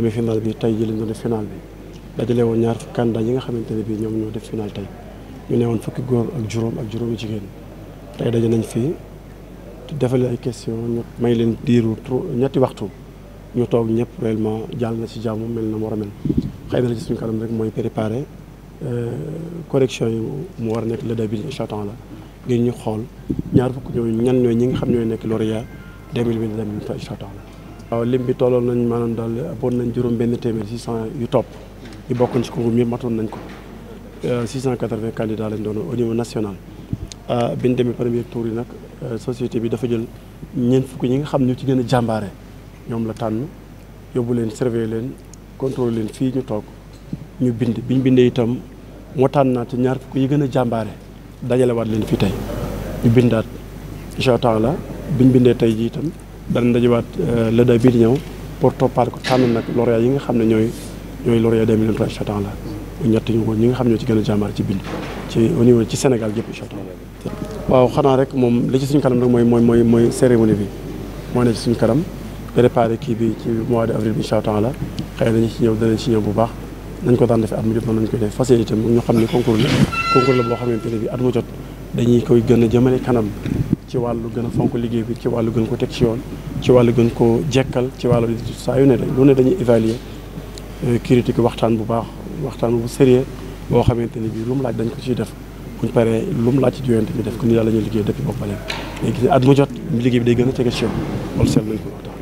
demi final bi tey ji lañ doon def final bi dajale woon ñaar fukki candidat yi nga xamante ne bii ñoom ñoo def final tey ñu ne woon fukki góor ak juróom ak juróomi jigéen tey daje nañ fii defale ay question ñu may leen diiru ñetti waxtu ñu toog ñëpp réellement jàll na ci jàmm mel na mu war a mel xëy na la ci suñu kanam rek mooy préparé euh, correction yi mu war a nekk le début incha la ngir ñu xool ñaar fukk ñooñu ñan ñooy ñi nga xam ñooy nekk lauréat 2020 incha allah waaw lim bi tolloon nañ maanaam daal amoon nañ juróom benn téeméer cent yu topp yu si ci concours mi matoon nañ ko euh, six cent quatre-vingts lañ doon au niveau national euh, bi ñu demee premier tour yi nag euh, société bi dafa jël ñeent fukk ñi nga xam ne ci gën a jàmbaare ñoom la tànn yóbbu leen surveiller leen contrôler leen fii ñu toog ñu bind bi bindee itam moo tànn naa ci ñaar fukk yi gën a jàmbaare dajalewaat leen fii tey ñu bindaat incha allah bi ñu bindee tey ji danañ dajewaat euh, lëdda bii di ñëw pour toppaat ko tànn nag lauréat yi nga xam ne ñooy ñooy lauréat 2023 incha allah ñett ñu ko nga xam ñoo ci gën a jàmbaar ci bind ci au niveau ci Sénégal gépp incha allah. waaw xanaa rek moom li ci suñu kanam nag mooy mooy mooy mooy cérémonie bi moo ne ci suñu kanam préparé kii bi ci mois de avril bi incha allah xëy nañu ci ñëw danañ ci ñëw bu baax nañ ko daan defee at mu jot noonu lañ koy def fas yéene itam ñu xam ne concours la ci wàllu gën a fonk liggéey bi ci wàllu gën ko teg ci yoon ci wàllu gën ko jekkal ci wàllu saa yu ne dañ lu ne dañuy évaluer euh, critique waxtaan bu baax waxtaan bu sérieux boo xamante ni bii lu mu laaj dañ ko ciy def buñ pare lu mu laaj ci jooyante bi def ko nii daal la ñuy liggéey depuis boobu ba léegi gis at mu jot liggéey bi day gën a tege ci yoon loolu seetlu nañ ko waxtaan